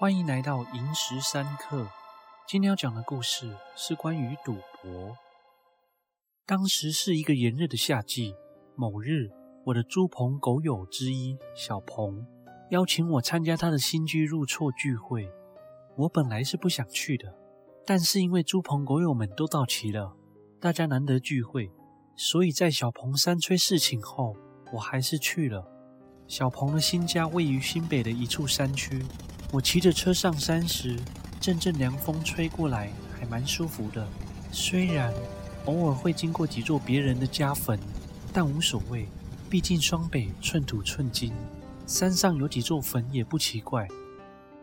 歡迎來到《銀石三刻》。今天要講的故事是關於賭博。當時是一個炎熱的夏季，某日，我的豬朋狗友之一小鵬邀請我參加他的新居入厝聚會。我本來是不想去的，但是因為豬朋狗友們都到齊了，大家難得聚會，所以在小鵬三催四請後，我還是去了。小鵬的新家位於新北的一處山區。我騎着車上山時，陣陣涼風吹過來，還蠻舒服的。雖然偶爾會經過幾座別人的家墳，但無所謂，畢竟雙北寸土寸金，山上有幾座墳也不奇怪。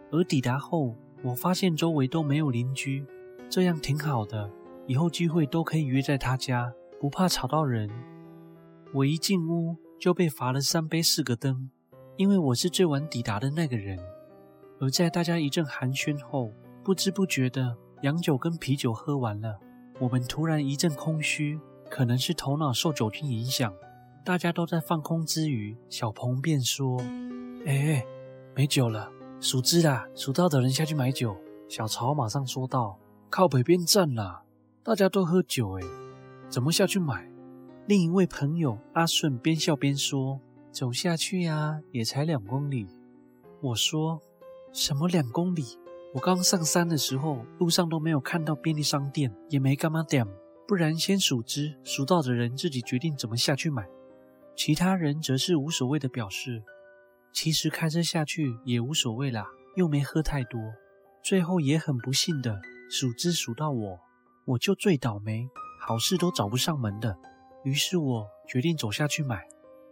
而抵達後，我發現周圍都沒有鄰居，這樣挺好的，以後聚會都可以約在他家，不怕吵到人。我一進屋就被罰了三杯四個燈，因為我是最晚抵達的那個人。而在大家一陣寒暄後，不知不覺的洋酒跟啤酒喝完了，我們突然一陣空虛，可能是頭腦受酒精影響。大家都在放空之餘，小鵬便說：“哎、欸，沒酒了，數知啦，數到的人下去買酒。”小曹馬上說道：“靠北邊站啦，大家都喝酒哎、欸，怎麼下去買？”另一位朋友阿順邊笑邊說：“走下去呀、啊，也才兩公里。”我說。什麼兩公里？我剛上山的時候，路上都沒有看到便利商店，也沒幹嘛，點。不然先數支，數到的人自己決定怎麼下去買。其他人則是無所謂的表示，其實開車下去也無所謂啦，又沒喝太多。最後也很不幸的，數支數到我，我就最倒霉，好事都找不上門的。於是我決定走下去買。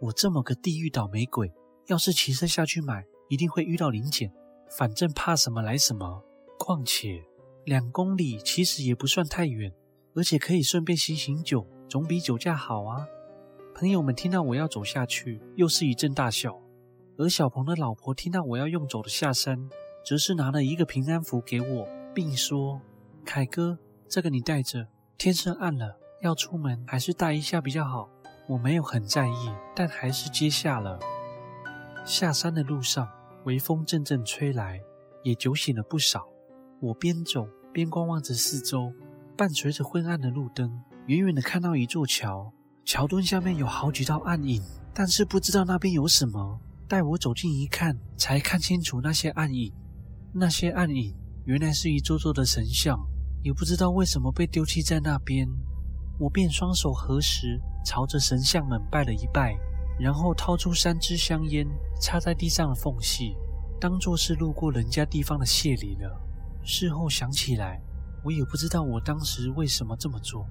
我這麼個地獄倒霉鬼，要是騎車下去買，一定會遇到臨檢。反正怕什麼來什麼，況且兩公里其實也不算太遠，而且可以順便醒醒酒，總比酒駕好啊！朋友們聽到我要走下去，又是一陣大笑。而小鵬的老婆聽到我要用走的下山，則是拿了一個平安符給我，並說：“凱哥，這個你帶着，天色暗了，要出門還是帶一下比較好。”我沒有很在意，但還是接下了。下山的路上。微風陣陣吹來，也酒醒了不少。我邊走邊觀望着四周，伴隨着昏暗的路燈，遠遠的看到一座橋，橋墩下面有好幾道暗影，但是不知道那邊有什麼。待我走近一看，才看清楚那些暗影，那些暗影原來是一座座的神像，也不知道為什麼被丟棄在那邊。我便雙手合十，朝着神像們拜了一拜。然後掏出三支香菸，插在地上的縫隙，當作是路過人家地方的謝禮了。事後想起來，我也不知道我當時為什麼這麼做。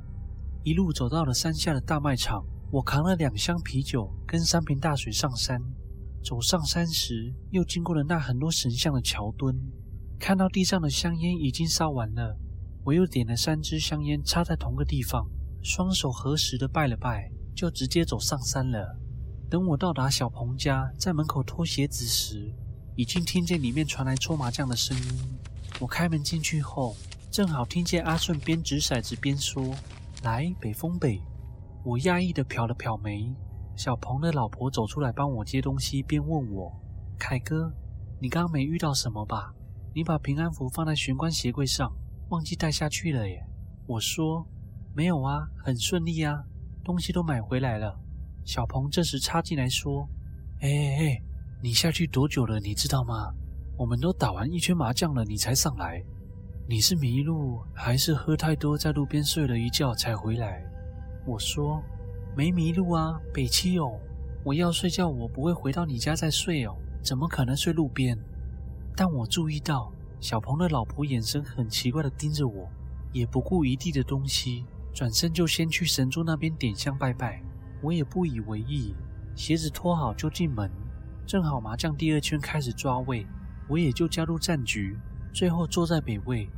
一路走到了山下的大賣場，我扛了兩箱啤酒跟三瓶大水上山。走上山時，又經過了那很多神像的橋墩，看到地上的香菸已經燒完了，我又點了三支香菸，插在同個地方，雙手合十的拜了拜，就直接走上山了。等我到達小鵬家，在門口脫鞋子時，已經聽見裡面傳來搓麻將的聲音。我開門進去後，正好聽見阿順邊擲骰子邊說：“來，北風北。”我訝異的瞟了瞟眉。小鵬的老婆走出來幫我接東西，邊問我：“凱哥，你剛剛沒遇到什麼吧？你把平安符放在玄關鞋櫃上，忘記帶下去了耶。”我說：“沒有啊，很順利啊，東西都買回來了。”小鵬這時插進來說：“哎哎哎，你下去多久了？你知道嗎？我們都打完一圈麻將了，你才上來。你是迷路，還是喝太多在路邊睡了一覺才回來？”我說：“沒迷路啊，北七哦，我要睡覺，我不會回到你家再睡哦，怎麼可能睡路邊？”但我注意到小鵬的老婆眼神很奇怪的盯着我，也不顧一地的東西，轉身就先去神桌那邊點香拜拜。我也不以為意，鞋子脫好就進門。正好麻將第二圈開始抓位，我也就加入戰局。最後坐在北位，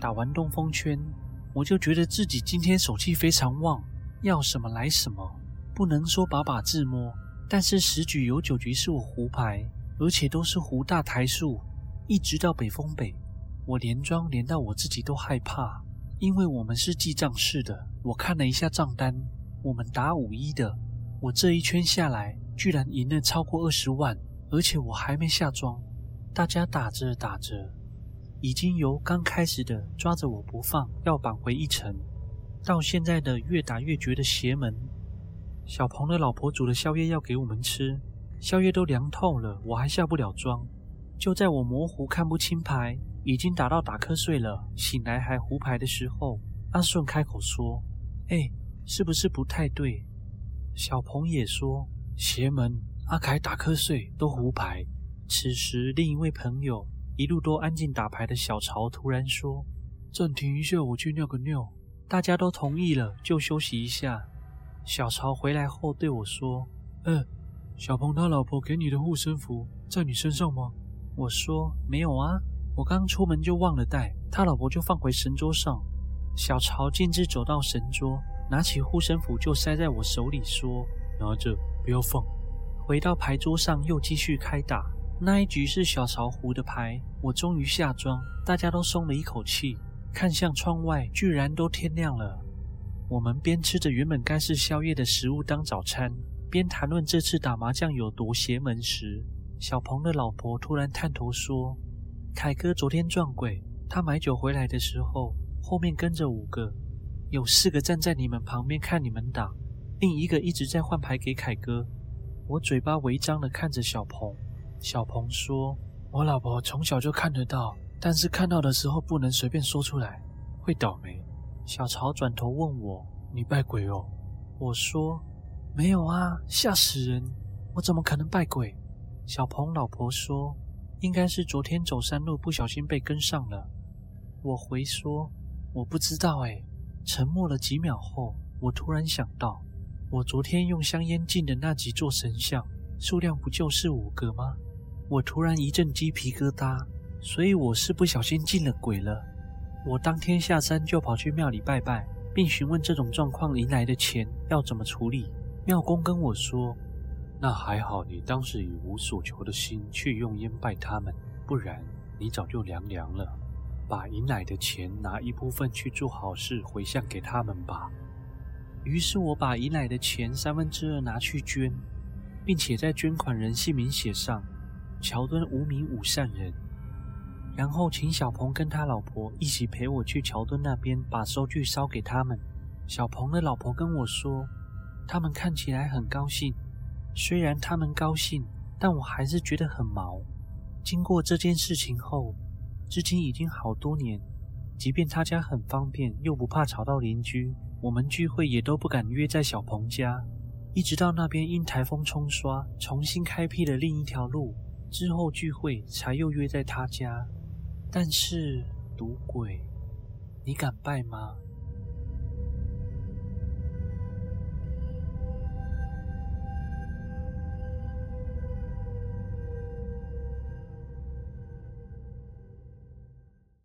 打完東風圈，我就覺得自己今天手氣非常旺，要什麼來什麼。不能說把把自摸，但是十局有九局是我胡牌，而且都是胡大台數，一直到北風北，我連莊連到我自己都害怕，因為我們是記賬式的。我看了一下賬單。我們打五一的，我這一圈下來，居然贏了超過二十萬，而且我還沒下莊。大家打着打着，已經由剛開始的抓着我不放，要扳回一城，到現在的越打越覺得邪門。小鵬的老婆煮了宵夜要給我們吃，宵夜都涼透了，我還下不了莊。就在我模糊看不清牌，已經打到打瞌睡了，醒來還胡牌的時候，阿順開口說：“哎、欸。”是不是不太對？小鵬也說邪門。阿凱打瞌睡都胡牌。此時，另一位朋友一路都安靜打牌的小潮突然說：“暫停一下，我去尿個尿。”大家都同意了，就休息一下。小潮回來後對我說：“嗯、欸，小鵬他老婆給你的護身符在你身上嗎？”我說：“沒有啊，我剛出門就忘了帶，他老婆就放回神桌上。”小潮徑直走到神桌。拿起護身符就塞在我手裡，說：“拿着，不要放。”回到牌桌上，又繼續開打。那一局是小巢湖的牌，我終於下莊，大家都鬆了一口氣，看向窗外，居然都天亮了。我們邊吃着原本該是宵夜的食物當早餐，邊談論這次打麻將有多邪門時，小鵬的老婆突然探頭說：“凱哥昨天撞鬼，他買酒回來的時候，後面跟着五個。”有四個站在你們旁邊看你們打，另一個一直在換牌給凱哥。我嘴巴違章的看着小鵬，小鵬說：“我老婆從小就看得到，但是看到的時候不能隨便說出來，會倒霉。”小曹轉頭問我：“你拜鬼哦？”我說：“沒有啊，嚇死人，我怎麼可能拜鬼？”小鵬老婆說：“應該是昨天走山路不小心被跟上了。”我回說：“我不知道誒。」沉默了幾秒後，我突然想到，我昨天用香菸敬的那幾座神像數量不就是五個嗎？我突然一陣雞皮疙瘩，所以我是不小心敬了鬼了。我當天下山就跑去廟裡拜拜，並詢問這種狀況贏來的錢要怎麼處理。廟公跟我說：“那還好，你當時以無所求的心去用菸拜他們，不然你早就涼涼了。”把姨奶的錢拿一部分去做好事，回向給他們吧。於是我把姨奶的錢三分之二拿去捐，並且在捐款人姓名寫上“橋墩無名五善人”。然後請小鵬跟他老婆一起陪我去橋墩那邊，把收據燒給他們。小鵬的老婆跟我說，他們看起來很高興。雖然他們高興，但我還是覺得很毛。經過這件事情後，至今已經好多年，即便他家很方便，又不怕吵到鄰居，我們聚會也都不敢約在小鵬家。一直到那邊因台風沖刷，重新開闢了另一條路之後，聚會才又約在他家。但是賭鬼，你敢拜嗎？